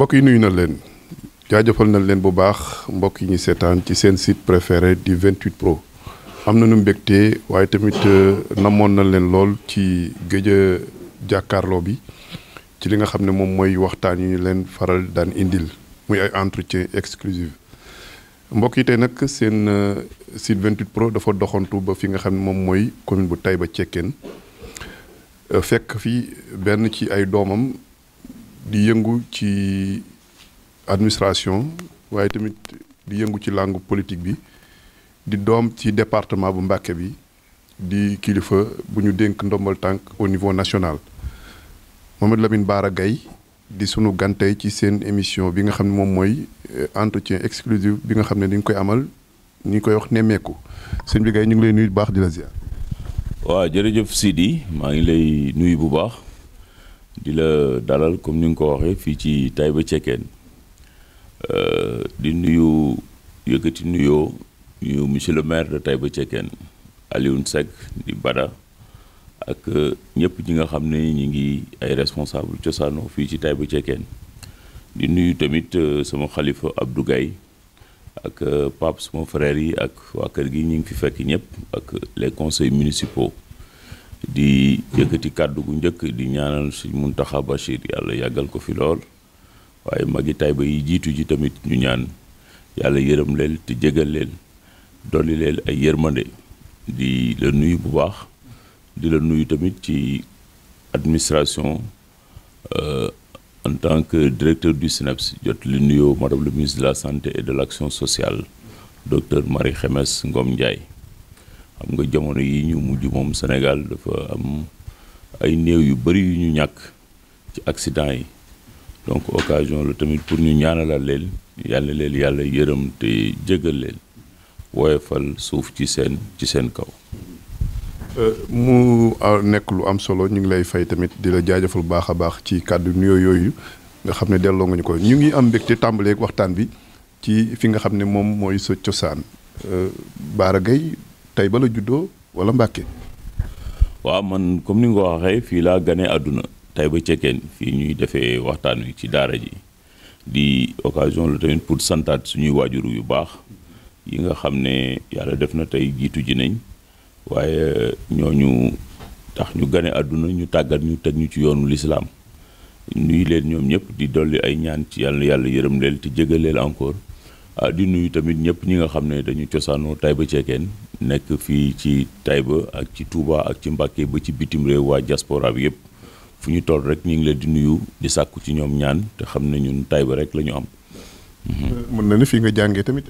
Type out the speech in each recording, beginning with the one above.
mbokk yi nuyu na leen jaajëfal na leen bu baax mbokk yi ñu seetaan ci seen site préféré di 28 pro am na nu mbégte waaye tamit euh, namoon na leen lool ci géej a jàkkaarloo bi ci li nga xam ne moom mooy waxtaan yu ñu leen faral daan indil muy ay entretien exclusive mbokk yi tey nag seen euh, site 28 pro dafa doxantu ba fi nga xam ne moom mooy commune bu ba Cekkeen euh, fekk fi benn ci ay doomam di yëngu ci administration waaye tamit di yëngu ci langue politique bi di doom ci département bu Mbàkke bi di kilifa bu ñu dénk ndombal tànk au niveau national Mamadou Lamine baara gay di sunu gantey ci seen émission bi nga xam ne moom mooy euh, entretien exclusif bi nga xam ne dañ koy amal ñu koy wax nemmeeku seen bi Gaye ñu ngi lay nuyu bu baax di la ziar. waaw jërëjëf Sidi maa ngi lay nuyu bu baax. di la dalal comme ni nga ko waxee fii ci Taïba Cekkeen euh, di nuyu yëkkati nuyoo nuyu monsieur le maire de Taïba Cekkeen Alioune Seck di Bada ak euh, ñëpp ñi nga xam ne ñu ngi ay responsable cosaano fii ci Taïba Cekkeen di nuyu tamit euh, sama xalifa Abdou Gaye ak Pape sama frère yi ak waa kër gi ñu ngi fi fekk ñëpp ak les conseils municipaux di yëkkati kàddu gu njëkk di ñaanal Sëñ Muntaxa Bachir yàlla yàggal ko fi lool waaye magi ba yi jiitu ji tamit ñu ñaan yàlla yërëm leen te jégal leen dolli leen ay yërmande di la nuyu bu baax di la nuyu tamit ci administration euh, en tant que directeur du SNEIPS jot li nuyoo madame le ministre de la santé et de laction sociale docteur Marie Khemesse Ngom Ndiaye xam nga jamono yi ñu mujj moom senegal dafa am ay néew yu bari yu ñu ñàkk ci accident yi donc occasion la tamit pour ñu ñaanalal leen yàlla leen yàlla yërëm te jégal leen woyofal suuf ci seen ci seen kaw. Euh, mu nekk lu am solo ñu ngi lay fay tamit di la jaajëfal baax a baax ci kàddu nuyoo yooyu nga xam ne delloo nga ñu ko ñu ngi am mbégte tàmbaleeg waxtaan bi ci fi nga xam ne moom mooy sa cosaan euh, Bara Gaye Tayba bala juddoo wala Mbàkke waaw man comme ni nga waxee fii laa gane àdduna ba Cekkeen fii ñuy defee waxtaan wi ci daara ji di occasion la tamit pour santaat suñuy waajur yu baax yi nga xam ne yàlla def na tey jiitu ji nañ waaye ñooñu tax ñu gane àdduna ñu tàggat ñu teg ñu ci yoonu lislaam nuyu leen ñoom ñëpp di dolli ay ñaan ci yàlla yàlla yërëm leen te jégal leen encore ah di nuyu tamit ñëpp ñi nga xam ne dañu cosaanoo Taïba Cekkeen nekk fii ci Taïba ak ci Touba ak ci Mbàkke ba ci bitim réew waa diaspora bi yëpp fu ñu toll rek ñu ngi leen di nuyu di sàkku ci ñoom ñaan te xam ne ñun Taïba rek la ñu am. mën na fii nga jàngee tamit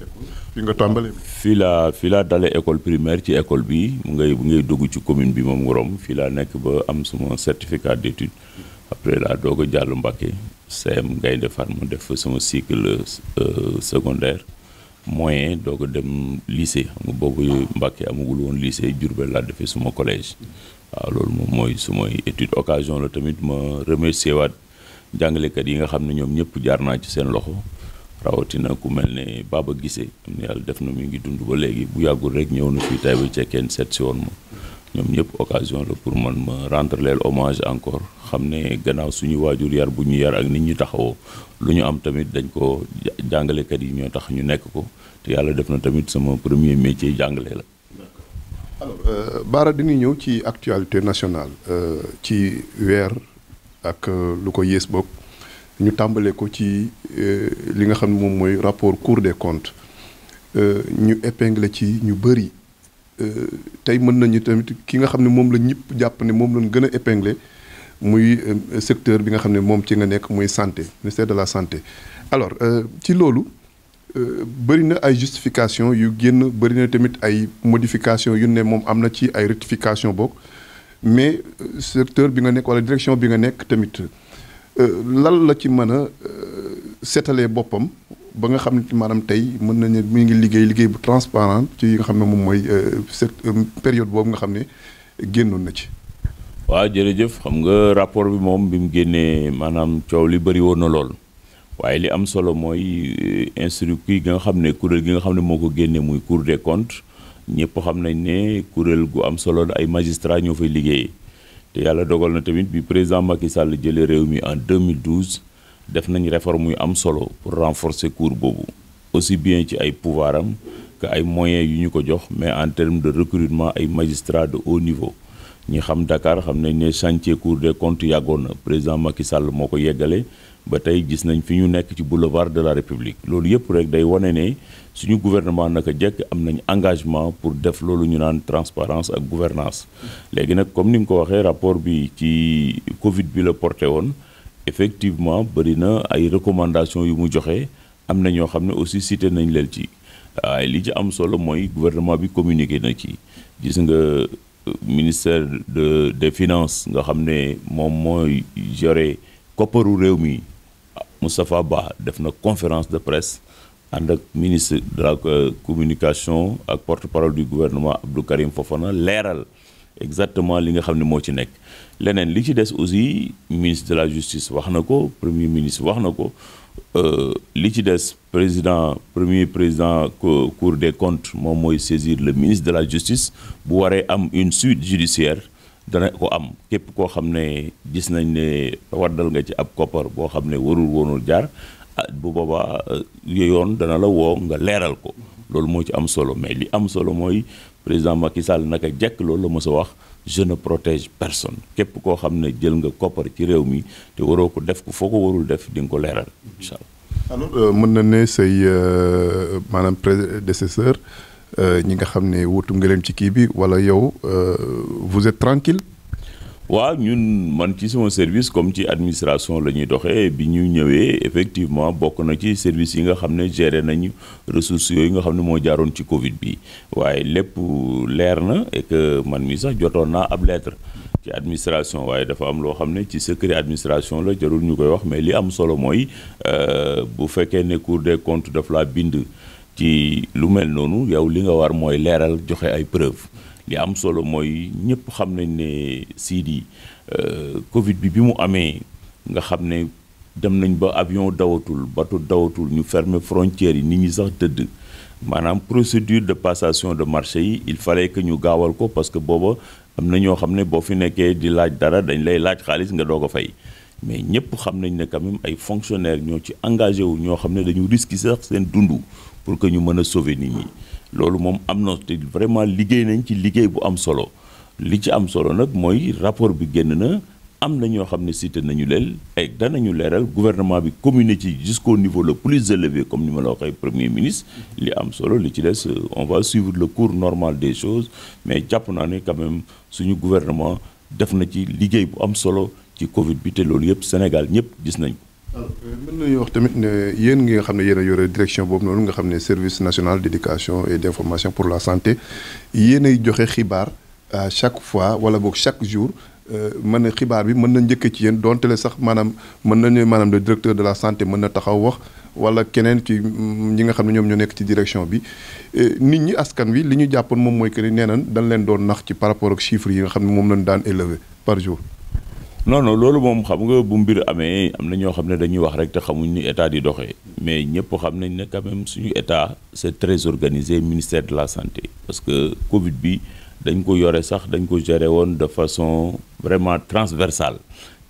fii nga tàmbalee. fii laa fii laa dalee école primaire ci école bi mu ngay mu ngay dugg ci commune bi moom Ngorom fii laa nekk ba am suma certificat d'étude après laa doog a jàll Mbàkke CM Gaynde Fatma ma def sama cycle euh, secondaire moyen doo ko dem lycée xam nga boobu Mbàkke amagul woon lycée Diourbel laa defee suma collège waaw loolu moom mooy sumay étude occasion la tamit ma remercier waat jàngalekat yi nga xam ne ñoom ñëpp jaar naa ci seen loxo rawatina ku mel ne Baba Gissé am na yàlla def na mi ngi dund ba léegi bu yàggul rek ñëw na fii Taïba Cekkeen seet si woon ma ñoom ñëpp occasion la pour man ma rentre leel hommage encore xam ne gannaaw suñu waajur yar bu ñu yar ak nit ñu taxawoo lu ñu am tamit dañ ko jàngalekat yi ñoo tax ñu nekk ko te yàlla def na tamit sama premier métier jàngalee la. alors euh, Bara ñëw ci actualité nationale euh, ci weer ak euh, lu ko yées bokk ñu tàmbalee ko ci li nga xam ne moom mooy rapport Cour des comptes ñu épinglé ci ñu bëri tey mën nañu tamit ki nga xam ne moom la ñëpp jàpp ne moom lañ gën a épinglé. muy euh, secteur bi nga xam ne moom ci nga nekk muy santé ministère de la santé alors euh, ci loolu euh, bëri na ay justification yu génn bëri na tamit ay modification yu ne moom am na ci ay rectification bokk mais secteur bi nga nekk walla direction bi nga nekk tamit lan la ci mën a seetalee boppam ba nga xam ne maanaam tey mën nañu ne mu ngi liggéey liggéey bu transparent ci nga xam ne moom mooy période boobu nga xam ne génnoon na ci waaw jërëjëf xam nga rapport bi moom bi mu génnee maanaam coow li bëri woon na lool waaye li am solo mooy eh, instru kii nga xam ne kuréel gi nga xam ne moo ko génnee muy cour des comptes ñëpp xam nañ ne kuréel gu am solo la ay magistrats ñoo fay liggéeyee te yàlla dogal na tamit bi président Macky Sall jëlee réew mi en 2012 def nañ réforme yu am solo pour renforcer cour boobu aussi bien ci ay pouvoir am que ay moyens yu ñu ko jox mais en termes de recrutement ay magistrats de niveau ñi xam Dakar xam nañ ne chantier Cour des comptes yàggoon na président Macky Sall moo ko yeggale ba tey gis nañ fi ñu nekk ci boulevard de la République loolu yëpp rek day wane ne suñu gouvernement naka jekk am nañu engagement pour def loolu ñu naan transparence ak gouvernance léegi nag comme ni nga ko waxee rapport bi ci Covid bi la porté woon effectivement bëri na ay recommandations yu mu joxe am na ñoo xam ne aussi cité nañ leen ci waaye li ci am solo mooy gouvernement bi communiqué na ci gis nga. ministère de des finances nga xam ne moom mooy yore kopparu réew mi Moustapha Ba def na conférence de presse ànd ak ministre de la euh, communication ak porte-parole du gouvernement Abdou Karim Fofana leeral exactement li nga xam ne moo ci nekk leneen li ci des aussi ministre de la justice wax na ko premier ministre wax na ko Euh, li ci des président premier président cour des comptes moom mooy saisir le ministre de la justice bu waree am une suite judiciaire dana ko am képp koo xam ne gis nañ ne waddal nga ci ab koppar boo xam ne warul woonul jaar ah, bu booba boobaa euh, yoon dana la woo nga leeral ko loolu moo ci am solo mais li am solo mooy président Macky Sall naka jekk loolu la mës a wax je ne protège personne képp koo xam ne jël nga koppar ci réew mi te waroo ko def ko foo ko warul def di ko leeral incha allah. alors euh, mën na ne say euh, maanaam prédécesseur euh, ñi nga xam ne wutum nga leen ci kii bi wala yow vous êtes tranquille waaw ñun man ci sama service comme ci administration la ñuy doxee bi ñu ñëwee effectivement bokk na ci service yi nga xam ne géré nañu ressources yooyu nga xam ne moo jaaroon ci Covid bi waaye lépp leer na et man mi sax jotoon naa ab lettre ci administration waaye dafa am loo xam ne ci secret administration la jarul ñu koy wax mais li am solo mooy euh, bu fekkee ne Cour de comptes daf laa bind ci lu mel noonu yow li nga war mooy leeral joxe ay preuves. li am solo mooy ñëpp xam nañ ne Sidi euh, Covid bi bi mu amee nga xam ne dem nañ ba avion dawatul bateau dawatul ñu ferme frontières yi nit ñi sax tëdd maanaam procédure de passation de marché yi il fallait que ñu gaawal ko parce que booba am na ñoo xam ne boo fi nekkee di laaj dara dañ lay laaj xaalis nga doog a fay mais ñëpp xam nañ ne quand même ay fonctionnaires ñoo ci engagé wu ñoo xam ne dañu risque sax seen dund pour que ñu mën a sauver nit ñi. loolu moom am na te vraiment liggéey nañ ci liggéey bu am solo li ci am solo nag mooy rapport bi génn na am na ñoo xam ne cité nañu leen ay danañu leeral gouvernement bi communiqué ci jusqu'au niveau le plus élevé comme ni ma la waxee premier ministre li am solo li ci des euh, on va suivre le cours normal des choses mais jàpp naa ne quand même suñu gouvernement def na ci liggéey bu am solo ci Covid bi te loolu yëpp Sénégal ñëpp gis nañ ko Euh, mën nañu wax tamit ne yéen ngi nga xam ne yéen yore direction boobu noonu nga xam ne service national d' éducation et d' pour la santé yéen ay joxe xibaar chaque fois wala boog chaque jour euh, mën na xibaar bi mën na njëkkee ci yéen donte le sax maanaam mën nañu maanaam le directeur de la santé mën na taxaw wax wala keneen ci mm, ñi nga xam ne ñoom ñoo nekk ci direction bi euh, nit ñi askan wi li ñu jàppoon moom mooy que ni dañ leen doon nax ci par rapport ak yi nga xam ne moom lañ daan élevé par jour. noonu non loolu moom xam nga bu mbir amee am na ñoo xam ne dañuy wax rek te xamuñ ni état di doxee mais ñëpp xam nañ ne quand suñu état c'est très organisé ministère de la santé parce que Covid bi dañ ko yore sax dañ ko gérer woon de façon vraiment transversale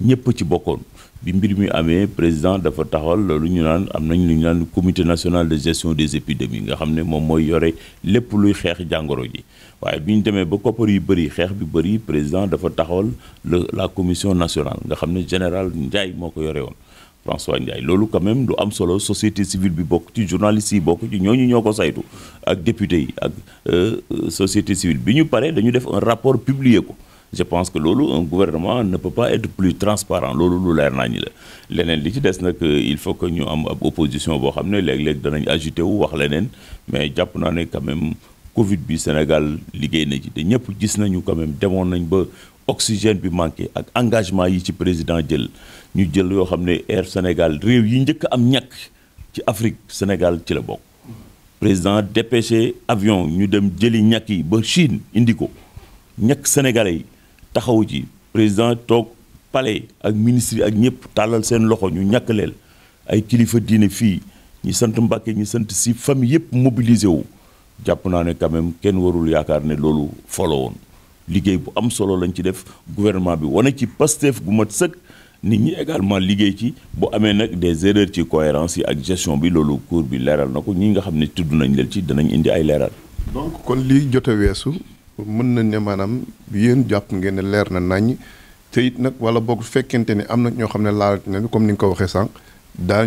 ñëpp ci bokkoon bi mbir mi amee président dafa taxawal loolu ñu naan am nañ lu ñu naan comité national de gestion des épidémies nga xam ne moom mooy yore lépp luy xeex jàngoro ji waaye bi ñu demee ba koppar yu bëri xeex bi bëri président dafa taxawal le la commission nationale nga xam ne général Ndiaye moo ko yore woon François Ndiaye loolu quand même lu am solo société civile bi bokk ci journaliste yi bokk ci ñooñu ñoo ko saytu ak yi ak euh, société civile bi ñu paree dañu def un rapport publier ko je pense que loolu un gouvernement ne peut pas être plus transparent loolu lu leer naa ñi la leneen li ci des nag il faut que ñu am ab opposition boo xam ne léeg-léeg danañ agité wu wax leneen mais jàpp naa ne quand même Covid bi Sénégal liggéey na ci te ñëpp gis nañu quand demoon nañ ba oxygène bi manqué ak engagement yi ci président jël ñu jël yoo xam ne Air Sénégal réew yi njëkk am ñàkk ci Afrique Sénégal ci la bokk. président dépêché avion ñu dem jëli ñàkk yi ba Chine indi ko ñàkk sénégalais yi taxawu ci président toog palais ak ministre ak ñëpp tàllal seen loxo ñu ñàkk leel ay kilifa diine fii ñu sant Mbàkke ñu sant si famille yëpp mobilisé wu. jàpp naa ne quand même kenn warul yaakaar ne loolu folo woon liggéey bu am solo lañ ci def gouvernement bi wane ci Pastef gu mat sëkk nit ñi également liggéey ci bu amee nag des erreurs ci cohérence yi ak gestion bi loolu cour bi leeral na ko ñi nga xam ne tudd nañ leen ci danañ indi ay leeral. donc kon lii jote weesu mën nañ ne maanaam yéen jàpp ngeen leer na nañ teyit nag wala boog fekkente ni am na ñoo xam ne laal nañ comme ni nga ko waxee sànq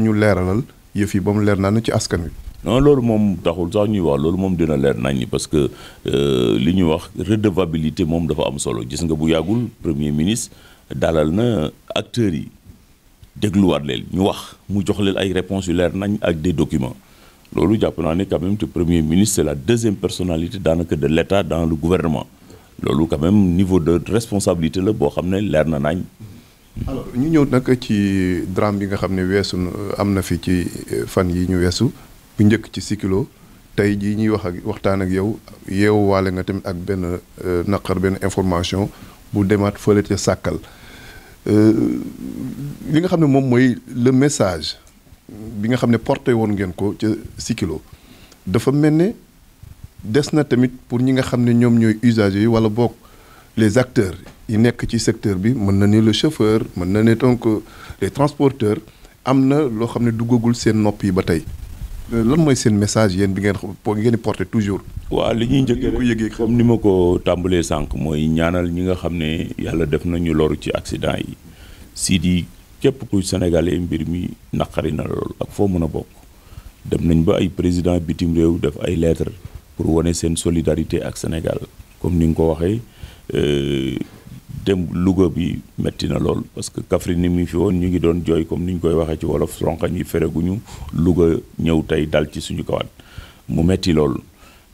ñu leeralal yëf yi ba mu leer naa ne ci askan wi. non loolu moom taxul sax ñuy wax loolu moom dina leer nañ parce que euh, li ñuy wax redevabilité moom dafa am solo gis nga bu yàggul premier ministre dalal na acteurs yi dégluwaat leen ñu wax mu jox leen ay réponses yu leer nañ ak des documents loolu jàpp naa ne quand même te premier ministre c'est la deuxième personalité daanaka de l'État dans le gouvernement loolu quand même niveau de responsabilité la boo xam ne leer na nañ. ñu ñëw nag ci drame bi nga xam ne weesu am na fi ci euh, fan yi ñu weesu. bu njëkk ci Sikilo tey jii ñuy wax ak waxtaan ak yow yeewu waale nga tamit ak benn euh, naqar benn information bu demaat fële ca sàkkal euh, li nga xam ne moom mooy le message bi nga xam ne porté woon ngeen ko ci Sikilo dafa mel ne des na tamit pour ñi nga xam ne ñoom ñooy usagers yi wala boog les acteurs yi nekk ci secteur bi mën na ne le chauffeur mën na ne donc euh, les transporteurs am na loo xam ne duggagul seen nopp yi ba tey lan mooy seen message yéen bi ngeen ngeen porté toujours. waaw li ñuy njëkkee ko yëgee ni ma ko tàmbalee sànq mooy ñaanal ñi nga xam ne yàlla def nañu loru ci accident yi si di képp ku sénégalais mbir mi naqari na loolu ak foo mën a bokk dem nañ ba ay président bitim réew def ay lettres pour wane seen solidarité ak Sénégal comme ni nga ko waxee. Euh, démb Louga bi métti na lool parce que Kaffrine ni mu fi woon ñu ngi doon jooy comme ni ñu koy waxee ci wolof rongañ yi fereguñu Louga ñëw tey dal ci suñu kawaat mu metti lool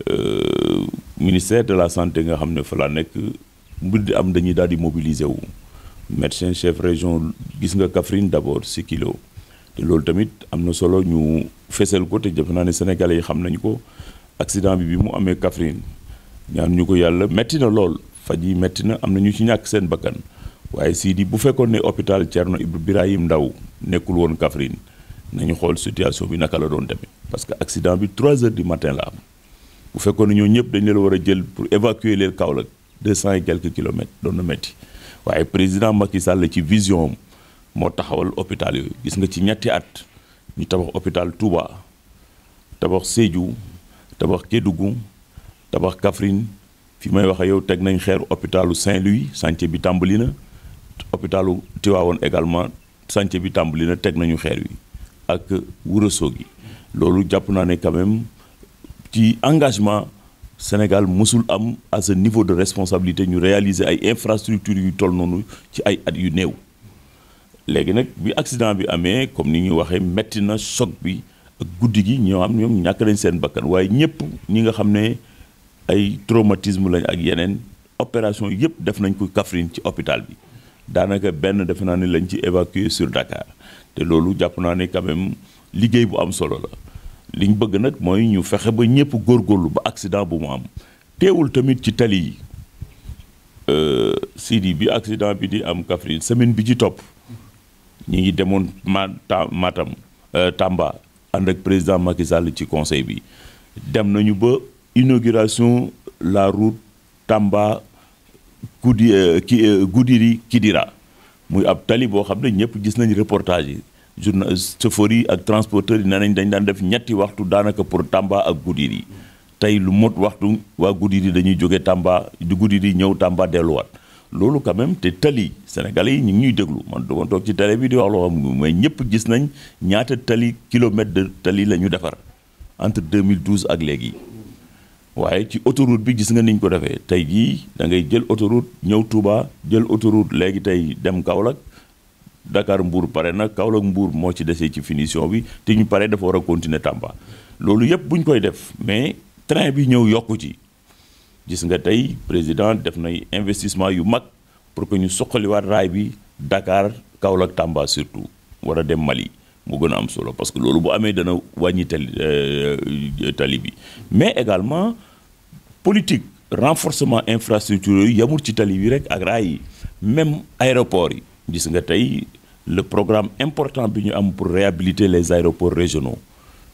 euh, ministère de la santé nga xam ne fa nekk mbir di am dañuy daal di mobiliser wu. médecin chef région gis nga Kaffrine d'abord si kilo te loolu tamit am na solo ñu fesal ko te defe naa ne sénégalais yi xam nañu ko accident bi bi mu amee Kaffrine ñaan ñu ko yàlla metti na lool. faj yi métti na am na ñu ci ñàkk seen bakkan waaye Sidi bu fekkoon ne hôpital Thierno Ibrahim Ndaw nekkul woon Kaffrine nañu xool situation bi naka la doon demee parce que accident bi trois heures di matin la am bu fekkoon ne ñoo ñëpp dañu la war a jël pour évacuer leen Kaolack 200 et quelques kilomètres doon na métti waaye président Macky Sall ci vision moo taxawal hôpital yooyu gis nga ci ñetti at ñu tabax hôpital Touba tabax Sédhiou tabax Kédougou tabax Kaffrine. fi may waxee yow teg nañ xeeru hôpitalu Saint-Louis chantier bi tàmbali na hôpitalu Tivaouane également chantier bi tàmbali na teg nañu xeer wi ak Ourossogui loolu jàpp naa ne quand même ci engagement Sénégal mësul am à ce niveau de responsabilité ñu réaliser ay infrastructures yu toll noonu ci ay at yu néew léegi nag bi accident bi amee comme ni ñuy waxee metti na choc bi ak guddi gi ñoo am ñoom ñàkk nañ seen bakkan waaye ñëpp ñi nga xam ne ay traumatisme lañ ak yeneen opération yëpp def nañ ko Kaffrine ci hôpital bi daanaka benn defe naa ne lañ ci évacuer sur Dakar te loolu jàpp naa ne quand liggéey bu am solo la liñ bëgg nag mooy ñu fexe ba ñëpp góorlu ba accident bu mu am teewul tamit ci tali yi euh, Sidi bi accident bi di am Kaffrine semaine bi ci topp ñu ngi demoon Matam euh, Tamba ànd ak président Macky ci conseil bi dem nañu ba inauguration la route Tamba Koudi euh, ki euh, Goudiri Kidira muy ab tali boo xam ne ñëpp gis nañ reportage yi journal euh, chauffeur yi ak transporteur yi nee nañ dañ daan def ñetti waxtu daanaka pour Tamba ak Goudiri tey lu mot waxtu waa Goudiri dañuy jóge Tamba di Goudiri ñëw Tamba delluwaat loolu quand même te tali Sénégalais yi ñu ngi ñuy déglu man dama ci télé bii di wax loo xam mais ñëpp gis nañ ñaata tali kilomètre de tali la ñu defar entre 2012 ak léegi. waaye ci autoroute bi gis nga niñ ko defee tey jii da ngay jël autoroute ñëw Touba jël autoroute léegi tey dem Kaolack Dakar Mbour pare nag Kaolack mbuur moo ci desee ci finition bi te ñu pare dafa war a continuer Tamba loolu yëpp bu ñu koy def mais train bi ñëw yokku ci gis nga tey président def na investissement yu mag pour que ñu suqaliwaat raay bi Dakar Kaolack Tamba surtout war a dem Mali mu gën a am solo parce que loolu bu amee dana wàññi tali euh, tali bi mais politique renforcement infrastructure yooyu yamul ci tali bi rek ak raay yi même yi gis nga tey le programme important bi ñu am pour réhabiliter les aéroports régionaux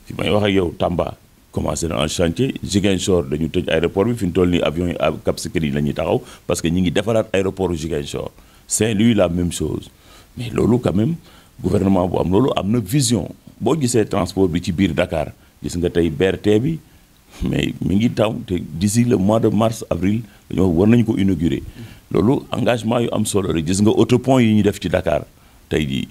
fi may wax ak yow Tamba commencé na en chantier Ziguinchor dañu tëj aéroport bi fi ñu toll nii avion yi Cap Skirring la ñuy taxaw parce que ñu ngi defaraat aéroport Ziguinchor Saint-Louis la même chose mais loolu quand même gouvernement bu am loolu am na vision boo gisee transport bi ci biir Dakar gis nga tey BRT bi mais mi ngi taw te d'ici le mois de mars avril dañoo war nañu ko inaugurer loolu engagement yu am solo la gis nga autopont yi ñu def ci dakaar tey jii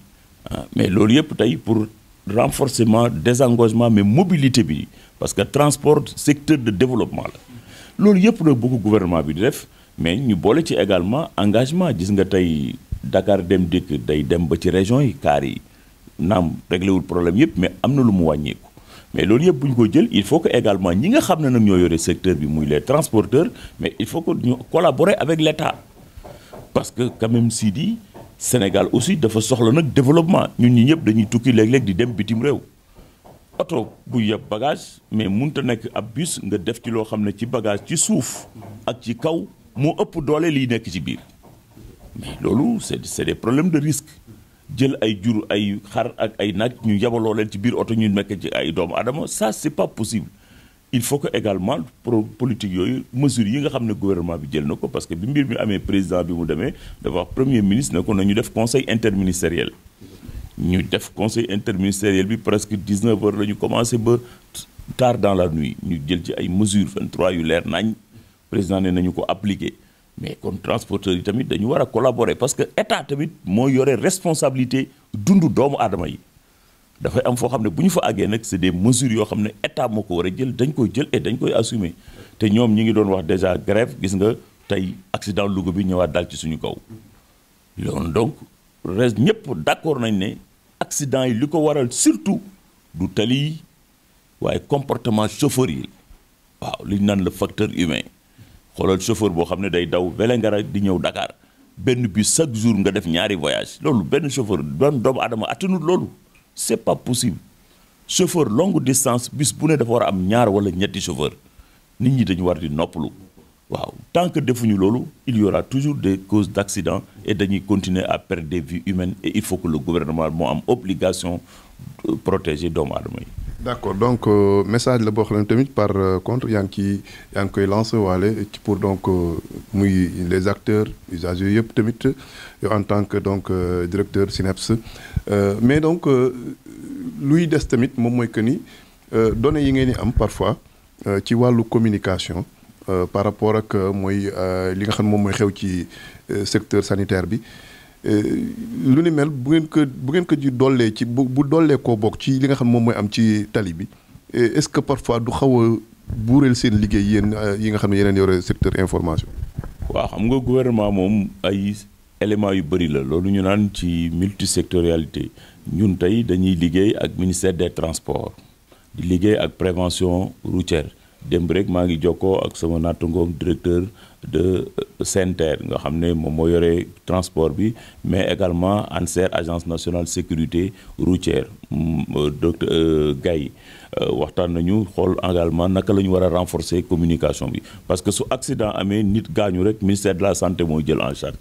ah, mais loolu yëpp tey pour renforcement désengagement mais mobilité bi parce que transport secteur de développement la loolu yëpp nag bëgg gouvernement bi di def mais ñu boole ci également engagement gis nga tey Dakar dem dikk tey dem ba ci région yi kaar yi naam réglé problème yëpp mais am na lu mu wàññeek mais loolu yëpp bu ñu ko jël il faut que également ñi nga xam ne nag ñoo yore secteur bi muy les transporteurs mais il faut que ñu collaborer avec l' état parce que quand même si di Sénégal aussi dafa soxla nag développement ñun ñi ñëpp dañuy tukki léeg-léeg di dem bitim réew oto bu yeb bagage mais mënut a nekk ab bus nga def ci loo xam ne ci bagage ci suuf ak ci kaw moo ëpp doole liy nekk ci biir mais loolu c' est est des problèmes de risque. jël ay jur ay xar ak ay nag ñu yabaloo leen ci biir oto ñu nekk ci ay doomu adama ça c'est pas possible il faut que également pro politique yooyu mesures yi nga xam ne gouvernement bi jël na ko parce que bi mbir mi amee président bi mu demee dafa premier ministre ne ko nañu def conseil interministériel ñu def conseil interministériel bi presque 19 heures la ñu commencé ba tard dans la nuit ñu jël ci ay mesures 23 yu leer nañ président ne nañu ko appliquer mais kon transporteurs yi tamit dañu war a collaborer parce que état tamit moo yore responsabilité dundu doomu aadama yi dafay am foo xam ne bu ñu fa àggee nag c'est des mesures yoo xam ne état moo ko war a jël dañ koy jël dañ koy assumer te ñoom ñi ngi doon wax déjà grève gis nga tey accident Louga bi ñëwaat dal ci suñu kaw. loolu donc res ñëpp d'accord nañ ne accident yi li ko waral surtout du tali waaye comportement chauffeur yi waaw li ñu naan le facteur humain. xoolal chauffeur boo xam ne day daw Vélingara di ñëw dakaar benn bus chaque jour nga def ñaari voyage loolu benn chauffeur doon doomu adama attanut loolu c'est pas possible chauffeur longue distance bus bu ne dafa war a am ñaar wala ñetti chauffeur nit ñi dañu war di noppalu waaw tant que defuñu loolu il y aura toujours des causes d'accident et dañuy continuer à perdre des vies humaines et il faut que le gouvernement moo am obligation protéger doomu aadama yi d' accord donc euh, message la boo xam ne tamit par euh, contre yaa ngi ciy yaa ngi koy lancé waale pour donc euh, muy les acteurs usagers yëpp tamit yow en tant que donc directeur SNEIPS mais donc luy des tamit moom mooy que ni données yi ngeen di am parfois ci wàllu communication par rapport ak mooy li nga xam moom mooy xew ci secteur sanitaire bi. Euh, lu ni mel bu ngeen ko bu ngeen ko ji dollee ci bu bu dollee ko bokk ci li nga xam moom mooy am ci tali bi euh, est-ce que parfois du xaw a buureel seen liggéey yéen euh, yi nga xam ne yeneen yore secteur information. waaw xam nga gouvernement moom ay éléments yu bëri la loolu ñu naan ci multisectorialité ñun tey dañuy liggéey ak ministère des transports di liggéey ak prévention routière démb rek maa ngi jokkoo ak sama nattangoom directeur. de euh, SENTER nga xam ne moom moo yore transport bi mais également ANSER agence nationale sécurité routière mm, euh, docteur euh, Gaye waxtaan nañu xool également naka la ñu war a renforcer communication bi parce que su accident amee nit gaañu rek ministère de la santé mooy jël en charge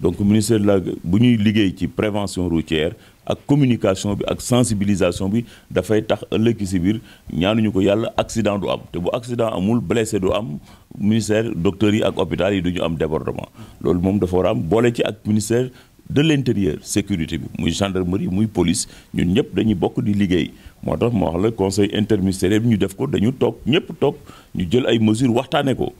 donc ministère de la bu ñuy liggéey ci prévention routière ak communication bi ak sensibilisation bi dafay tax ëllëg si biir ñaanuñu ko yàlla accident du am te bu accident amul blessé du am ministère docteurs yi ak hôpital yi du ñu am débordement loolu moom dafa war a am boole ci ak ministère de l'intérieur sécurité bi muy gendarmerie muy police ñun ñëpp dañuy bokk di liggéey moo tax ma wax la conseil interministériel bi ñu def ko dañu toog ñëpp toog ñu jël ay mesures waxtaanee ko.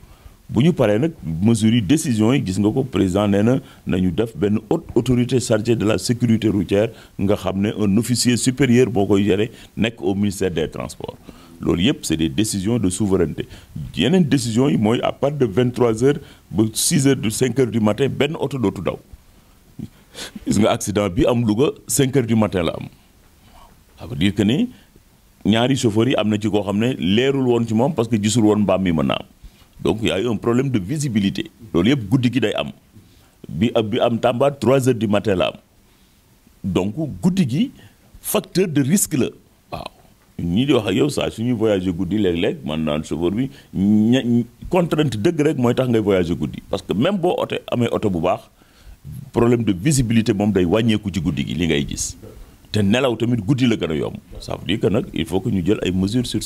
bu ñu paree nag mesures yi décisions yi gis nga ko président nee na nañu def benn haute autorité chargée de la sécurité routière nga xam ne un officier supérieur boo koy gérer nekk au ministère des transports loolu yëpp c'est des décision de souveraineté yeneen décisions yi mooy à partir de 23 heures ba 6 heures du 5 heures du matin benn oto dootu daw gis nga accident bi am Louga 5 heures du matin la am ça veut dire que ni ñaari chauffeurs yi am na ci koo xam ne leerul woon ci moom parce que gisul woon mbaam mi mën naa am donc y a problème de visibilité loolu yëpp guddi gi day am bi bi am Tamba trois heures du matin la am donc guddi gi facteur de risque la waaw ñi di wax a yow saa suñuy voyager guddi léeg-léeg man naan chauffeur bi ña contrainte dëgg rek mooy tax ngay voyager guddi parce que même boo oto amee oto bu baax problème de visibilité moom day wàññeeku ci guddi gi li ngay gis te nelaw tamit guddi la gën a yomb ça veut dire que nag il faut que ñu jël ay mesures sur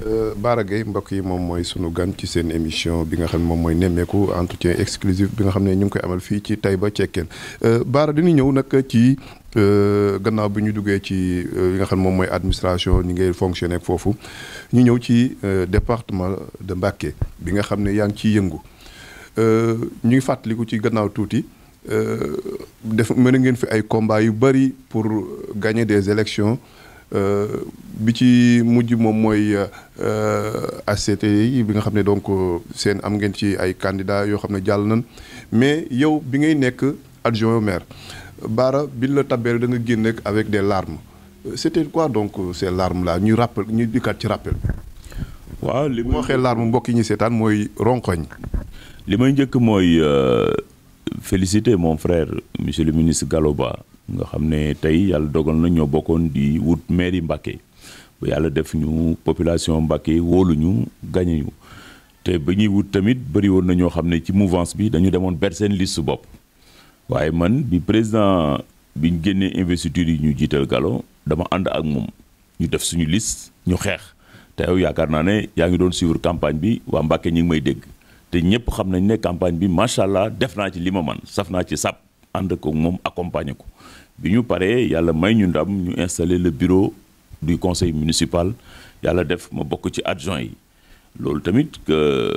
Euh, Bara Gueye mbokk yi moom mooy sunu gan ci seen émission bi nga xam ne moom mooy nemmeeku entretien exclusif bi nga xam ne ñu ngi koy amal fii ci Taïba Cekkeen euh, Bara dañu ñëw nag ci euh, gannaaw bi ñu duggee ci li nga xam ne moom mooy administration ñi ngay fonctionner foofu ñu ñëw ci département de Mbacké bi nga xam ne yaa ngi ciy yëngu ñu ngi fàttaliku ci gannaaw tuuti def mën ngeen fi ay combats yu bari pour gagner des élections bi ci mujj moom mooy euh, ACT yi bi nga xam ne donc euh, seen am ngeen ci ay candidats yoo xam ne jàll nañ mais yow bi ngay nekk adjoint au maire Bara biñ la tabbeer da nga génn rek avec des larmes c'était quoi donc euh, ces larmes là ñuy rappel ñuy dikkaat ci rappel waaw li ma waxee larme mbokk yi ñu seetaan mooy ronkoñ. li may njëkk mooy féliciter mon frère monsieur le ministre Galoba nga xam ne tey yàlla dogal na ñoo bokkoon di wut mairie Mbacké ba yàlla def ñu population Mbacké wóoluñu gañe ñu te ba ñuy wut tamit bëri woon na ñoo xam ne ci mouvance bi dañu demoon ber seen su bopp waaye man bi président biñ génnee investiture yi ñu jiital Gallo dama ànd ak moom ñu def suñu liste ñu xeex te yow yaakaar naa ne yaa ngi doon suivre campagne bi waa Mbacké ñi ngi may dégg te ñëpp xam nañ ne campagne bi macha allah def naa ci li ma man saf naa ci sàpp ànd ko moom accompagner ko bi ñu paree yàlla may ñu ndam ñu installé le bureau du conseil municipal yàlla def ma bokk ci adjoint yi loolu tamit que euh,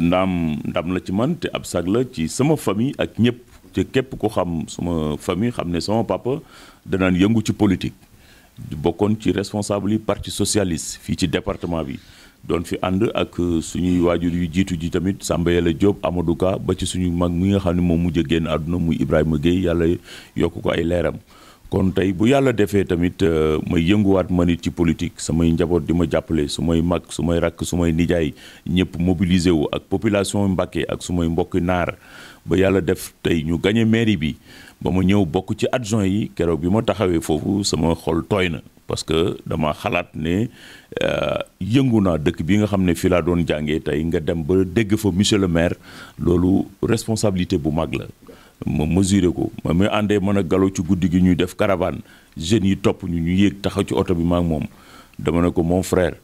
ndam ndam la ci man te ab sag la ci sama famille ak ñëpp te képp ko xam sama famille xam ne sama papa danaan yëngu ci politique bokkoon ci responsable yi parti socialiste fii ci département bi doon fi ànd ak suñuy waajur yu jiitu ji tamit Samba Yàlla Diop Amadou ba ci suñu mag mi nga xam ne moom mujj a génn àdduna muy Ibrahima Guèye yàlla yokk ko ay leeram kon tey bu yàlla defee tamit euh, may yënguwaat ma nit ci politique samay njaboot di ma jàppale su may mag su may rakk su may nijaay ñëpp mobiliser wu ak population Mbacké ak su may mbokk naar ba yàlla def tey ñu gañe mairie bi ba ma ñëw bokk ci adjoint yi keroog bi ma taxawee foofu sama xol tooy na parce que dama xalaat ne Euh, yëngu naa dëkk bi nga xam ne fii laa doon jàngee tey nga dem ba dégg fa monsieur le maire loolu responsabilité bu mag la ma mesuré ko ma muy àndee mën a galo ci guddi gi ñuy def caravane jeunes yi topp ñu ñu yéeg taxaw ci oto bi maak moom dama ne ko mon frère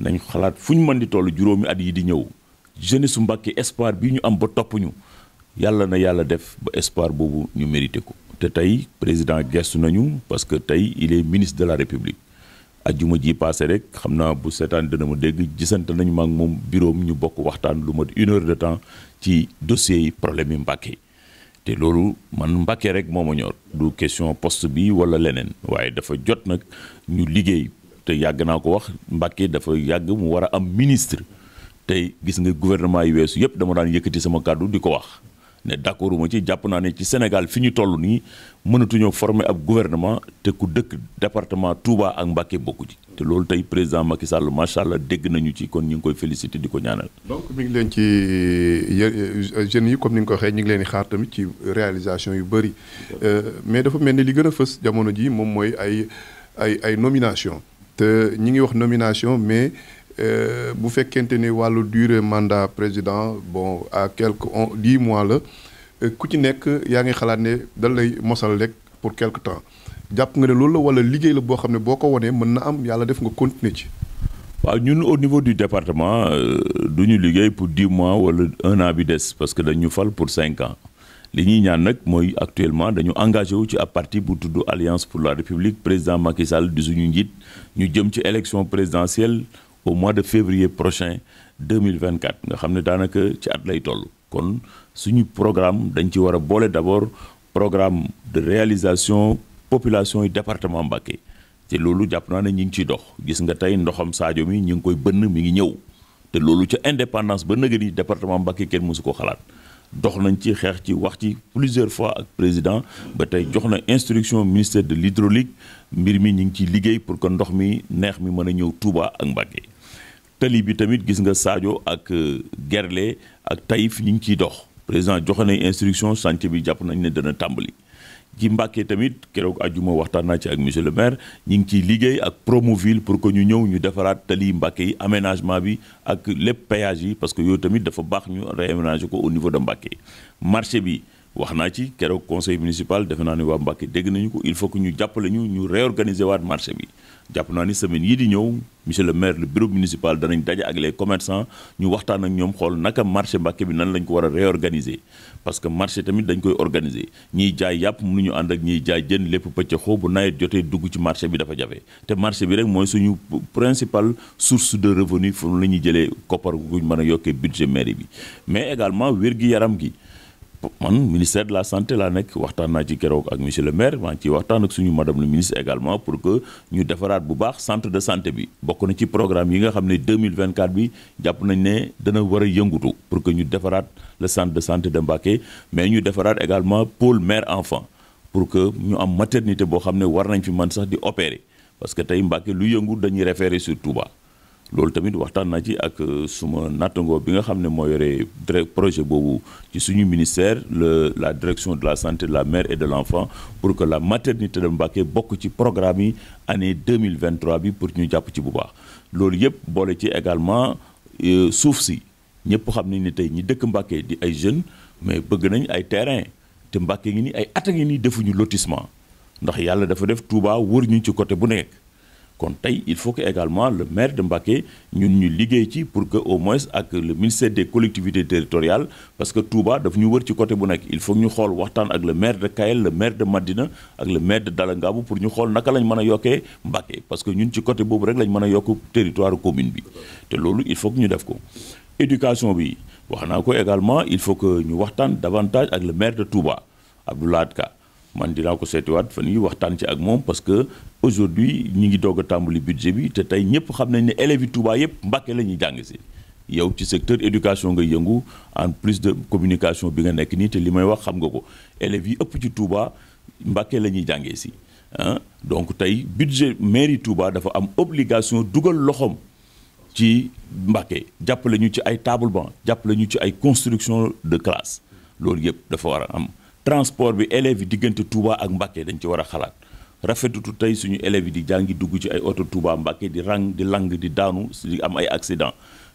nañ xalaat fu ñu mën di toll juróomi at yi di ñëw jeunesse su Mbàkke espoir bi ñu am ba topp ñu yàlla na yàlla def ba espoir boobu ñu mérité ko te tey président gestu nañu parce que tey il est ministre de la république ajjuma ji passé rek xam naa bu seetaan dana ma dégg gisante nañu ma moom bureau ñu bokk waxtaan lu ma une heure de temps ci dossiers yi problème yi Mbàkke te loolu man Mbàkke rek moo ma ñor du question post bi walla leneen waaye dafa jot nag ñu liggéey te yàgg naa ko wax Mbàkke dafa yàgg mu war a am ministre te gis nga gouvernement yi weesu yëpp dama daan yëkkati sama kàddu di ko wax ne d'accord ma ci jàpp naa ne ci Sénégal fi ñu toll nii mënatuñoo former ab gouvernement te ku dëkk département Touba ak Mbacké bokku ji te loolu tey président Macky Sall macha allah dégg nañu ci kon ñu ngi koy féliciter di ko ñaanal. donc mi ngi leen ci jeunes yi comme ni nga ko waxee ñu ngi leen di ci réalisation yu bëri euh, mais dafa mel ni li gën a fës jamono ji moom mooy ay ay ay nomination te ñi ngi wax nomination mais. Euh, bu fekkente ni wàllu durée mandat président bon à quelque on dix mois la euh, ku ci nekk yaa ngi xalaat ne dal lay mosal rek pour quelque temps jàpp nga ne loolu la walla liggéey la boo xam ne boo ko wanee mën na am yàlla def nga continuer ci. waaw ñun au niveau du département euh, du ñu liggéey pour dix mois walla un an bi des parce que dañu fal pour cinq ans li ñuy ñaan nag mooy actuellement dañu engagé wu ci à parti bu tudd alliance pour la république président Macky Sall di suñu njiit ñu jëm ci élection présidentielle. au mois de février prochain 2024 nga xam ne daanaka ci at lay toll kon suñu programme dañ ci war a boole d'abord programme de réalisation population yi département Mbacké te loolu jàpp naa ne ñu ngi ciy dox gis nga tey ndoxam Sadio mi ñu ngi koy bënn mi ngi ñëw te loolu ca indépendance ba nëgë ni département Mbacké kenn mosu ko xalaat dox nañ ci xeex ci wax ci plusieurs fois ak président ba tey jox na instruction ministère de l'hydraulique mbir mi ñu ngi ciy liggéey pour que ndox mi neex mi mën a ñëw Touba ak Mbacké tali bi tamit gis nga Sadio ak euh, Gerle ak Taïf ñu ngi ciy dox président joxe nañ instruction chantier bi jàpp nañ ne dana tàmbali ci Mbàkke tamit keroog àjjuma waxtaan naa ci ak monsieur le maire ñu ngi ciy liggéey ak Promoville pour que ñu ñëw ñu defaraat tali Mbàkke yi aménagement bi ak lépp péage yi parce que yooyu tamit dafa baax ñu réaménager ko au niveau de Mbàkke marché bi wax naa ci keroog conseil municipal defe naa ne waa Mbàkke dégg nañu ko il faut que ñu jàppale ñu ñu réorganiser waat marché bi jàpp naa ni semaine yi di ñëw monsieur le maire lu bureau municipal danañ daje ak les commerçants ñu waxtaan ak ñoom xool naka marché Mbàkke bi nan lañ ko war a réorganiser parce que marché tamit dañ koy organiser ñiy jaay yàpp ñu ànd ak ñiy jaay jën lépp pëcc xoo bu nawet jotee dugg ci marché bi dafa jafe te marché bi rek mooy suñu principale source de revenu fu la ñuy jëlee koppar guñ mën a yokkee budget mairie bi mais également wér-gi-yaram gi man ministère de la santé laa nekk waxtaan naa ci keroog ak monsieur le maire maa ngi ciy waxtaan ak suñu madame le ministre également pour que ñu defaraat bu baax centre de santé bi bokk na ci programme yi nga xam ne deux 2024 bi jàpp nañ ne dana war a yëngutu pour que ñu defaraat le centre de santé de Mbacké mais ñu defaraat également pôle mère enfant pour que ñu am maternité boo xam ne war nañ fi man sax di opérer parce que tey Mbacké lu yëngu dañuy référer sur Touba. loolu tamit waxtaan naa ci ak euh, suma nattangoo bi nga xam ne moo yore projet boobu ci suñu ministère le la direction de la santé de la mère et de l' enfant pour que la maternité de Mbacké bokk ci programme yi année 2023 bi pour ñu jàpp ci bu baax loolu yëpp boole ci également euh, suuf si ñëpp xam nañ ni tey ñi dëkk Mbacké di ay jeunes mais bëgg nañu ay terrain te Mbacké ngi ni ay at a ngi defuñu lotissement ndax yàlla dafa def Touba wër ñu ci côté bu nekk kon tey il faut que également le maire de Mbacké ñun ñu liggéey ci pour que au moins ak le ministère des collectivité territoriales parce que Touba daf ñu wër ci côté bu nekk il faut ñu xool waxtaan ak le maire de Kayel le maire de Madina ak le maire de Dalangaabu pour ñu xool naka lañ mën a yokkee Mbacké parce que ñun ci côté boobu rek lañ mën a yokk territoire commune bi te loolu il faut que ñu def ko éducation bi wax naa ko également il faut que ñu waxtaan davantage ak le maire de Touba Abdoulaye Ka man dinaa ko seetiwaat fan yi waxtaan ci ak moom parce que aujourd'hui ñu ngi doog a tàmbali budget bi te tey ñëpp xam nañ ne élèves yi Touba yëpp Mbàkke la ñuy jàng si yow ci secteur éducation nga yëngu en plus de communication bi nga nekk nii te li may wax xam nga ko élèves yi ëpp ci Touba Mbàkke la ñuy jàngee si ah donc tey budget mairie Touba dafa am obligation dugal loxoom ci Mbàkke jàpp lañu ci ay table banc jàppale ñu ci ay construction de classe loolu yëpp dafa war a am transport bi élèves yi diggante Touba ak Mbacké dañ ci war a xalaat rafetutu tey suñu élèves yi di jàngi dugg ci ay oto Touba Mbacké di rang di lang di daanu di am ay accident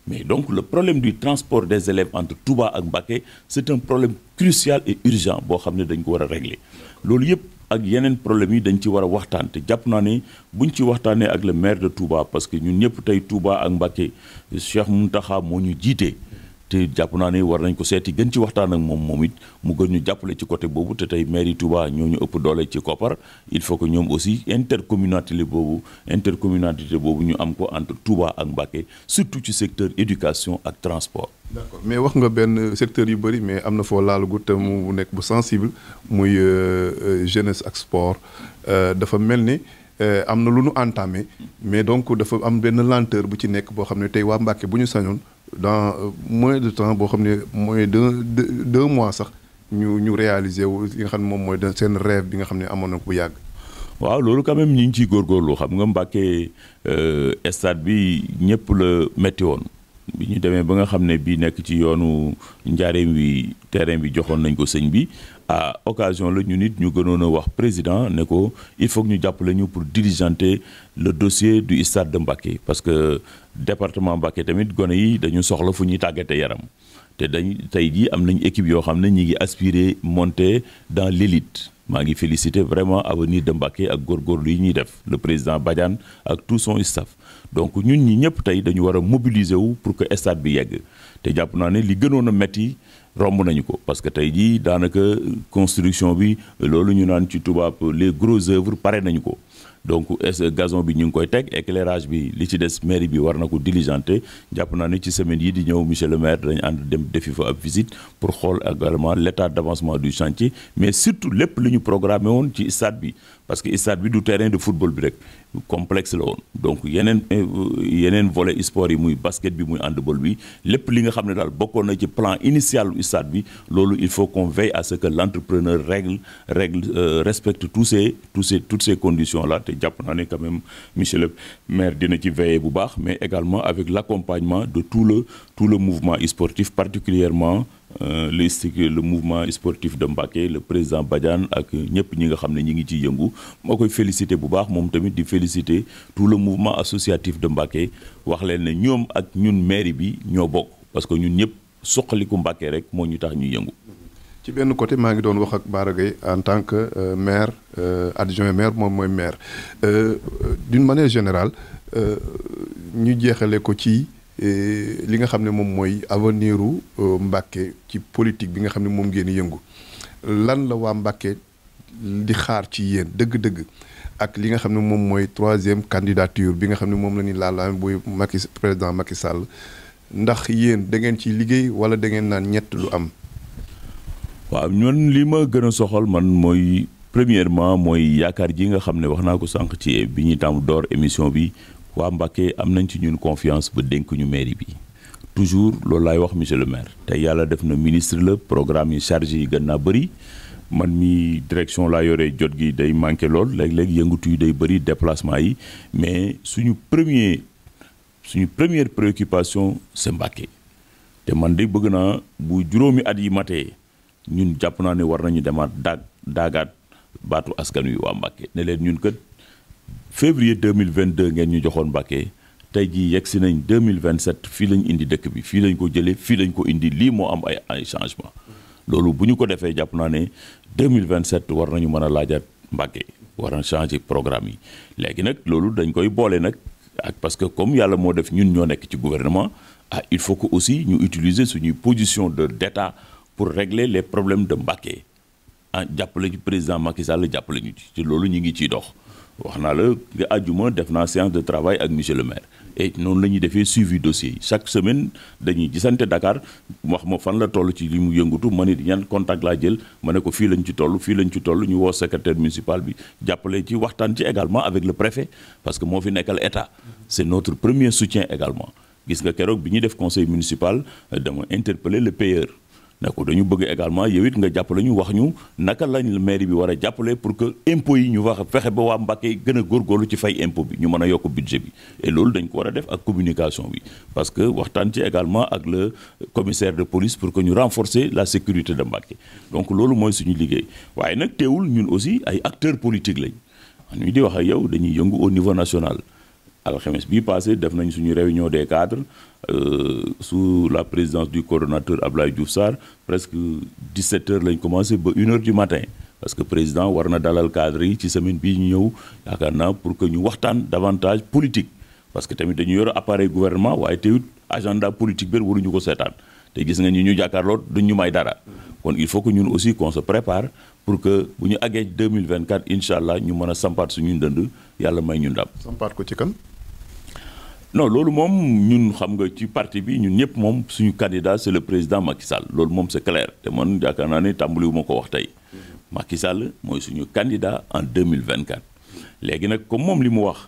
mais donc le problème du transport des élèves entre Touba ak Mbacké c'est un problème crucial et urgent boo xam ne dañ ko war a régler loolu yëpp ak yeneen problème yi dañ ci war a waxtaan te jàpp naa ne buñ ci waxtaanee ak le maire de Touba parce que ñun ñëpp tey Touba ak Mbacké Cheikh moo ñu jiitee te jàpp naa ni war nañ ko seeti gën ci waxtaan ak moom moom it mu gën ñu jàppale ci côté boobu te tey mairie Touba ñoo ñu ëpp doole ci koppar il faut que ñoom aussi intercommunalité boobu intercommunalité boobu ñu am ko entre Touba ak Mbacké surtout ci secteur éducation ak transport. d'accord mais wax nga benn secteur yu bëri mais am na foo laalugut te mu nekk bu sensible muy euh, euh, jeunesse ak sport euh, dafa mel ni. am na lu nu entamé mais donc dafa am benn lenteur bu ci nekk boo xam ne tey waa Mbacké bu ñu sañoon dans euh, moins de temps boo xam ne mooy deux deux mois sax ñu ñu réaliser wu i nga xam ne moom mooy seen rêve bi nga xam ne amoon na ko yàgg. waaw loolu quand même ñu ngi ciy góorgóorlu xam nga Mbàkke euh, stade bi ñëpp la metti woon bi ñu demee ba nga xam ne bii nekk ci yoonu njaareem bi terrain bi joxoon nañ ko sëñ bi. à occasion la ñu nit ñu gënoon a wax président ne ko il faut que ñu jàppale ñu pour diligenter le dossier du stade de Mbacké parce que département Mbacké tamit gone yi dañu soxla fu ñuy tàggate yaram te dañ tey jii am nañu équipe yoo xam ne ñi ngi aspirer monter dans l'élite maa ngi féliciter vraiment avenir de Mbacké ak góorgóorlu yi ñuy def le président Badiane ak tout son staff donc ñun ñi ñëpp tey dañu war a mobiliser wu pour que estade bi yegg te jàpp naa ne li gënoon a metti romb nañu ko parce que tey jii daanaka construction bi loolu ñu naan ci tubaab les gros œuvres pare nañu ko donc gazon bi ñu ngi koy teg éclairage bi li ci des mairie bi war na ko diligenté jàpp naa ni ci semaine yi di ñëw monsieur le maire dañu ànd dem defi fa ab visite pour xool également l' état d' avancement du chantier mais surtout lépp li ñu programmé woon ci stade bi parce que stade bi du terrain de football bi rek complexe la woon donc yeneen euh, yeneen volet sport yi muy basket bi muy handball bi lépp li nga xam ne daal bokkoon na ci plan initial u stade bi loolu il faut qu'on veille à ce que l'entrepreneur regle règle euh, respecte tous ces tous ces toutes ces conditions la te jàpp naa ne quand même monsieur le maire dina ci veiller bu baax mais également avec l'accompagnement de tout le tout le mouvement sportif particulièrement Euh, l'institut le mouvement sportif de Mbacké le président Badiane ak ñëpp ñi nga xam ne ñi ngi ciy yëngu moo koy félicité bu baax moom tamit di félicité tout le mouvement associatif de Mbacké wax leen ne ñoom ak ñun mairie bi ñoo bokk parce que ñun ñëpp suqaliku Mbacké rek moo ñu tax ñu yëngu. ci benn côté maa ngi doon wax ak Bara en tant que euh, maire euh, adjoint maire moom mooy maire d'une manière générale ñu jeexale ko ci. li nga xam ne moom mooy avenir u euh, Mbàkke ci politique bi nga xam ne moom ngeen yëngu lan la waa Mbàkke di xaar ci yéen dëgg-dëgg ak li nga xam ne moom mooy troisième candidature bi nga xam ne moom la ñuy laal buy Macky président Macky Sall ndax yéen da ngeen ci liggéey wala da ngeen naan ñett lu am. waaw ñun li ma gën a soxal man mooy premièrement mooy yaakaar ji nga xam ne wax naa ko sànq ci bi ñuy tàmm door émission bi waa Mbacké am nañ ci ñun confiance ba dénk ñu mairie bi toujours loolu laay wax monsieur le maire te yàlla def na ministre la programme yi chargé yi gën naa bëri man mi direction laa yore jot gi day manqué lool léeg-léeg yëngatu yi day bëri déplacement yi mais suñu premier suñu première préoccupation c'est Mbacké te man de bëgg naa bu juróomi at yi matee ñun jàpp naa ne war nañu demaat daag daagaat baatu askan wi waa Mbacké ne leen ñun kat février 2022 ngeen ñu joxoon Mbacké tey jii yegg si nañ 2027 fii lañ indi dëkk bi fii lañ ko jëlee fii lañ ko indi lii moo am ay ay changement loolu bu ñu ko defee jàpp naa ne deux mille vingt 2027 war nañu mën a laajaat Mbacké war a changer programme yi léegi nag loolu dañ koy boole nag ak parce que comme yàlla moo def ñun ñoo nekk ci gouvernement ah il faut que aussi ñu utiliser suñuy position de d'état pour régler les problèmes de Mbacké ah jàppale ci président Macky Sall jàppale ñu ci loolu ñu ngi ciy dox wax naa la nga àjjuma def naa séance de travail ak monsieur le maire et noonu la ñuy defee suivi dossier yi chaque semaine dañuy gisante Dakar wax ma fan la toll ci li mu yëngatu ma ne ñan contact laa jël ma ne ko fii lañ ci toll fii lañ ci toll ñu woo secrétaire municipal bi jàppale ci waxtaan ci également avec le préfet parce que moo fi nekkal état c'est notre premier soutien également gis nga keroog bi ñuy def conseil municipal euh, dama interpeller le payeur ne ko dañu bëgg également yow it nga jàppale ñu wax ñu naka lañ mairie bi war a jàppale pour que impôt yi ñu wax fexe ba waa Mbacké gën a góorgóorlu ci fay impôt bi ñu mën a yokk budget bi et loolu dañ ko war a def ak communication bi parce que waxtaan ci également ak la commissaire de police pour que ñu renforcer la sécurité de Mbacké donc loolu mooy suñu liggéey waaye nag teewul ñun aussi ay acteurs politiques lañ ñu di wax a yow dañuy yëngu au niveau national alxames bii passé def nañ suñu réunion des cadres euh, su la présidence du coordonnateur Abdoulaye Diouf Sarr presque 17 heures lañ commencé ba une heure du matin parce que président war na dalal cadre yi ci semaine bi ñu ñëw yaakaar naa pour que ñu waxtaan davantage politique parce que tamit dañu yor appareil gouvernement waaye teewut agenda politique bi waruñu ko seetaan te gis nga ñi ñu jàkkaarloo duñ ñu may dara kon il faut que ñun aussi qu'on se prépare pour que bu ñu àggee 2024 incha allah ñu mën a sampaat suñu yàlla may ñu ndam. sampaat ko ci kan. non loolu moom ñun xam nga ci parti bi ñun ñëpp moom suñu candidat c'est le président Macky Sall loolu moom c'est clair te man yaakaar naa ne tàmbaliwu ma ko wax tey Macky Sall mooy suñu candidat en 2024 léegi nag comme moom li mu wax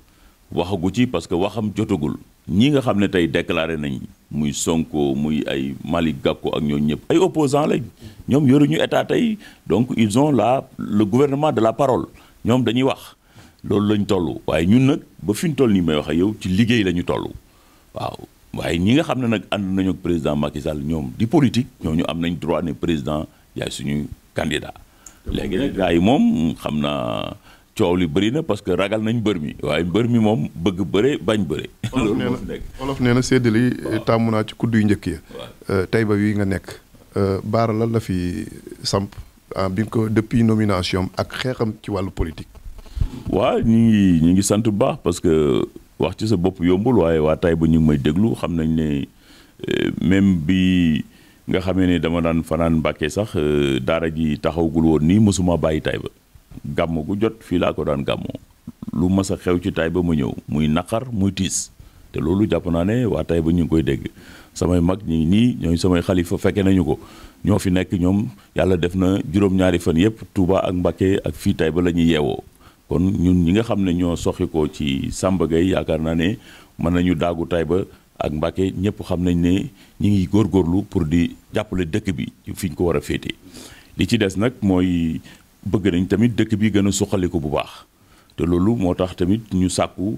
waxagu ci parce que waxam jotagul ñii nga xam ne tey déclaré nañ muy Sonko muy ay Malick Gakou ak ñooñu ñëpp ay opposants lañ ñoom yoruñu état tey donc ils ont la le gouvernement de la parole ñoom dañuy wax loolu lañ toll waaye ñun nag ba fi ñu toll nii may wax ak yow ci liggéey lañu ñu toll waaw waaye ñi nga xam ne nag ànd nañu ak président Macky ñoom di politique ñooñu am nañ droit président yaay suñu candidat léegi nag gars moom xam naa coow li bëri na parce que ragal nañ bër mi waaye mbër mi moom bëgg bëre bañ bëre loolu olof nee na séddali tàmm naa ci kudd yu njëkk ya euh, tey ba wi nga nekk euh, baara lan la fi samp ah, bi nga ko depuis nomination ak xeexam ci wàllu politique waaw ñu ngi ñu ngi sant bu baax parce que wax ci sa bopp yombul waaye waa ba ñu ngi may déglu xam nañ ne euh, même bi nga xamee ne dama daan fanaan Mbàkke sax euh, daara ji taxawgul woon nii mësuma bàyyi Taïba gàmm gu jot fii laa ko daan gàmmoo lu mas a xew ci ba ma ñëw muy naqar muy tiis te loolu jàpp naa ne waa ba ñu ngi koy dégg samay mag ñi nii ñooy samay xalifa fekke nañu ko ñoo fi nekk ñoom yàlla def na juróom-ñaari fan yëpp Touba ak Mbàkke ak fii Taïba la ñuy yeewoo kon ñun ñi nga xam ne ñoo soxi ko ci Samba Gueye yaakaar naa ne mën nañu daagu ba ak Mbacké ñëpp xam nañ ne ñi ngi góorlu pour di jàppale dëkk bi fi ñu ko war a féete li ci des nag mooy bëgg nañ tamit dëkk bi gën a ko bu baax te loolu moo tax tamit ñu sàkku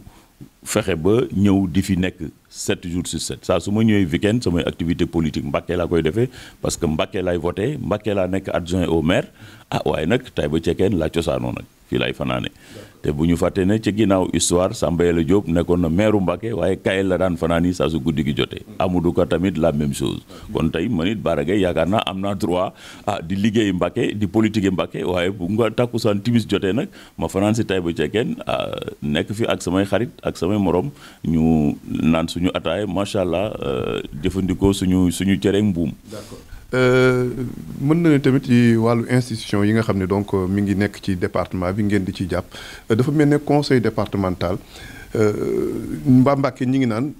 fexe ba ñëw di fi nekk 7 jours sur 7 saa su ma ñëwee weekend samay activité politique Mbacké laa koy defee parce que Mbacké laay voté Mbacké laa nekk adjoint au maire ah waaye nag Taïba Cekkeen laa cosaanoo nag fii lay fanaane te bu ñu fàttee ne ci ginnaaw histoire Samba la Diop nekkoon na maire Mbacké waaye Kayel la daan fanaan yi saa su guddi gi jotee Amadou Ka tamit la même chose kon tey ma it Bara yaakaar naa am naa droit ah di liggéey Mbacké di politique yi Mbacké waaye bu nga takkusaan timis jotee nag ma fanaan si Taïba Cekkeen ah, nekk fi ak samay xarit ak samay morom ñu naan suñu ataay macha allah euh, jëfandikoo suñu suñu cere mbuum. Euh, mën na tamit ci wàllu institution yi nga xam ne donc euh, mi ngi nekk ci département bi ngeen di ci jàpp euh, dafa mel ne conseil départemental mbaa Mbàkke ñi ngi naan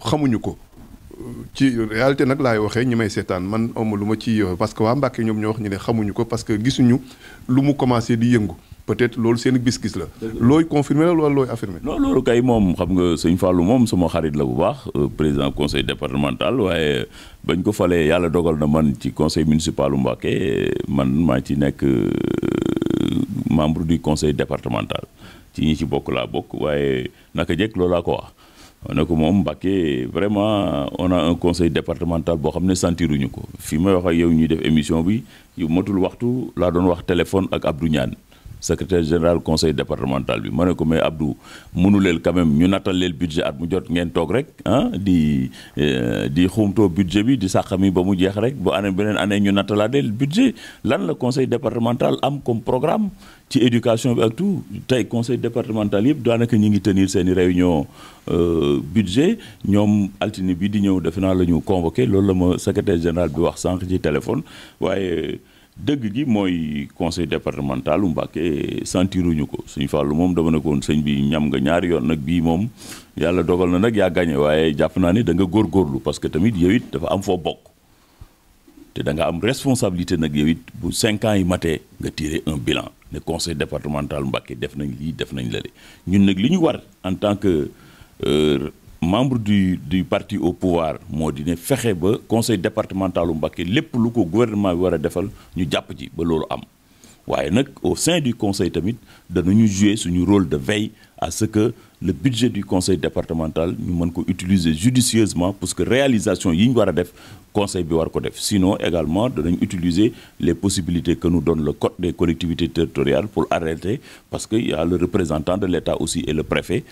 xamuñu ko ci réalité nag laay waxee ñi may seetaan man awma lu ma ci parce que waa Mbàkke ñoom ñoo wax ñu ne xamuñu ko parce que gisuñu lu mu commencé di yëngu peut-être loolu seen gis-gis la. looy confirmé la wala looy loolu kay moom xam nga sëñ Fallou moom sama xarit la bu baax euh, président conseil départemental waaye bañ ko falee yàlla dogal na man ci conseil municipal bu Mbacké man maa ci nekk euh, membre du conseil départemental ci ñi ci bokk laa bokk waaye naka jekk loolu laa ko wax. ne ko moom Mbacké vraiment on a un conseil départemental boo xam ne sentiruñu ko fi may wax ak yow ñuy def émission bi yu matul waxtu laa doon wax téléphone ak Abdou Niane secretaire général conseil départemental bi ma ne ko mais Abdou mënu leen quand ñu nattal leen budget at mu jot ngeen toog rek ah di eh, di xumtoo budget bi di sàqami ba mu jeex rek bu année beneen année ñu nattalaatee budget lan la conseil départemental am comme programme ci éducation bi ak tout tey conseil départemental yëpp daanaka ñu ngi tenir seen i réunion euh, budget ñoom altine bi di ñëw defe naa la ñu convoqué loolu la ma secrétaire général bi wax sànq ci téléphone waaye. dëgg gi mooy conseil départemental u Mbàkke eh, sentiruñu ko suñ fàllu moom dama nekkoon koon sëñ bi ñam nga ñaari yoon nag bii moom yàlla dogal na nag yaa gàñe waaye jàpp naa ne da nga góorlu parce que tamit yow it dafa am foo bokk te da nga am responsabilité nag yow it bu cinq ans yi matee nga tiré un bilan ne conseil départemental Mbàkke def nañ lii def nañ lële ñun nag li ñu war en tant que euh, membre du du parti au pouvoir moo di ne fexe ba conseil départementalu Mbacké lépp lu ko gouvernement bi war a defal ñu jàpp ji ba loolu am waaye nag au sein du conseil tamit dana ñu joue suñu rôle de veille à ce que le budget du conseil départemental ñu mën ko utiliser judicieusement parce que réalisation yi ñu war a def conseil bi war ko def sinon également danañ utiliser les possibilités que nous donne le code des collectivités territoriales pour arrêter parce que y a le représentant de aussi et le préfet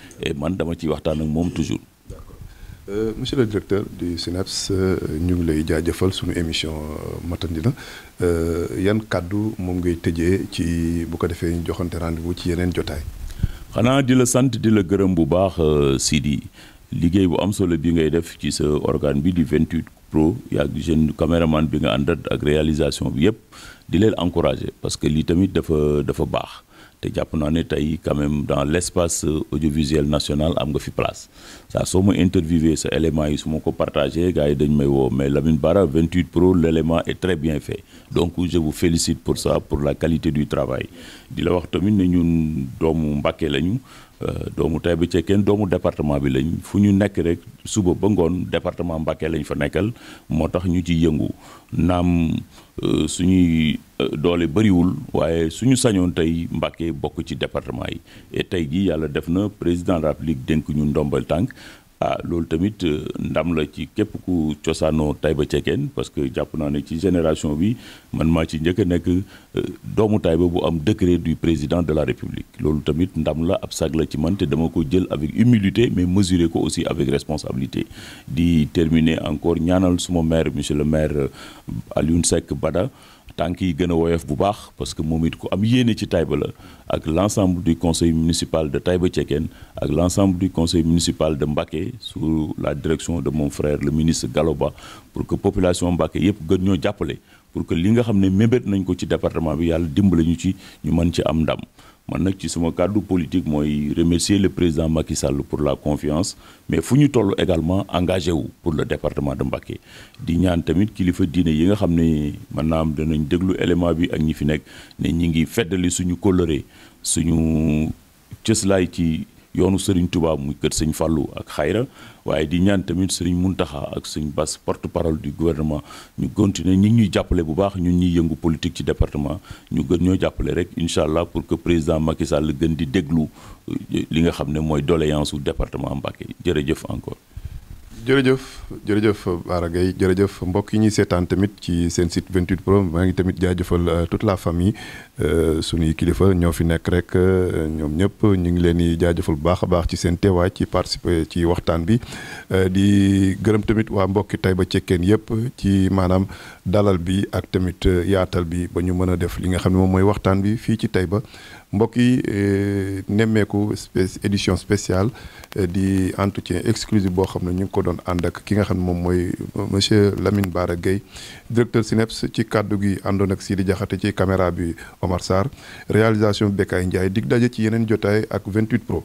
man dama ciy waxtaan ak moom toujours Euh, monsieur le directeur du SNEIPS euh, ñu ngi lay jaajëfal suñu émission euh, matandina yan kàddu moom ngay tëjee ci bu ko defee ñu joxante rendez ci yeneen jotaay. xanaa di la sant di la gërëm bu baax Sidi liggéey bu am solo bi ngay def ci sa organe bi di vingt 28 pro yaa jeune caméraman bi nga àndat ak réalisation bi yëpp di leen encourager parce que lii tamit dafa dafa baax. jàpp naa ne tey quand même dans l' espace audiovisuel national am nga fi place saa soo ma interviewé sa élément yi su ma ko partagé gars yi dañ may woo mais Lamine Bara 28 Pro l' élément est très bien fait donc je vous félicite pour ça pour la qualité du travail di la wax tamit na ñun doomu Mbàkke lañu Euh, doomu Taïba Cekkeen doomu département bi lañ fu ñu nekk rek suba ba ngoon département Mbacké lañ fa nekkal moo tax ñu ci yëngu naam euh, suñuy euh, doole bëriwul waaye suñu sañoon tey Mbacké bokk ci département yi et tey jii yàlla def na président de la République dénk ñu ndombal tànk ah loolu tamit euh, ndam la ci képp ku cosaanoo Taïba Cekkeen parce que jàpp naa ne ci génération bi man maa ci njëkk a nekk euh, doomu Taïba bu am décret du président de la République loolu tamit ndam la ab sag la ci man te dama ko jël avec humilité mais mesurer ko aussi avec responsabilité di terminer encore ñaanal suma maire monsieur le maire euh, Alioune Seck Bada tànk yi gën a woyof bu baax parce que moom it ku am yéene ci Taïba la ak l'ensemble du conseil municipal de Taïba Tchékène ak l'ensemble du conseil municipal de Mbacké sous la direction de mon frère le ministre Galoba pour que population Mbacké yëpp gën ñoo jàppale pour que li nga xam ne mébét nañ ko ci département bi yàlla dimbali ñu ci ñu mën ci am ndam man nag ci suma kàddu politique mooy remercier le président Macky Sall pour la confiance mais fu ñu toll également engagé wu pour le département de Mbacké di ñaan tamit kilifa diine yi nga xam ne maanaam danañ déglu élément bi ak ñi fi nekk ne ñi ngi feddali suñu coloré suñu cëslaay ci yoonu Serigne Touba muy kër sëñ Fallou ak xayra waaye di ñaan tamit mun Mountakha ak sëñ Bass porte parole du gouvernement ñu continuer ñi ngi ñuy jàppale bu baax ñun ñuy yëngu politique ci département ñu gën ñoo jàppale rek incha allah pour que président Macky Sall gën di déglu euh, li nga xam ne mooy doléance su département Mbacké jërëjëf encore. jërëjëf jërëjëf Bara Gaye jërëjëf mbokk yi ñuy seetaan tamit ci seen site 28 pro maa ngi tamit jaajëfal euh, tout la famille euh, suñuy kilifa ñoo fi nekk rek euh, ñoom ñëpp ñu ngi leen di jaajëfal bu baax a baax ci seen teewaay ci participer ci waxtaan bi di gërëm tamit waa mbokki ba Cekkeen yëpp ci maanaam dalal bi ak tamit yaatal bi ba ñu mën a def li nga xam ne moom mooy waxtaan bi fii ci ba mbokk yi euh, nemmeeku édition spéciale euh, di entretien exclusif boo xam ne ñu ngi ko doon ànd ak ki nga xam ne moom mooy euh, monsieur Lamine Bara Gueye directeur SNEIPS ci kàddu gi àndoon ak Sidi Diakhaté ci caméra bi Omar Sarr réalisation Bekaay Ndiaye dig daje ci yeneen jotaay ak 28 pro.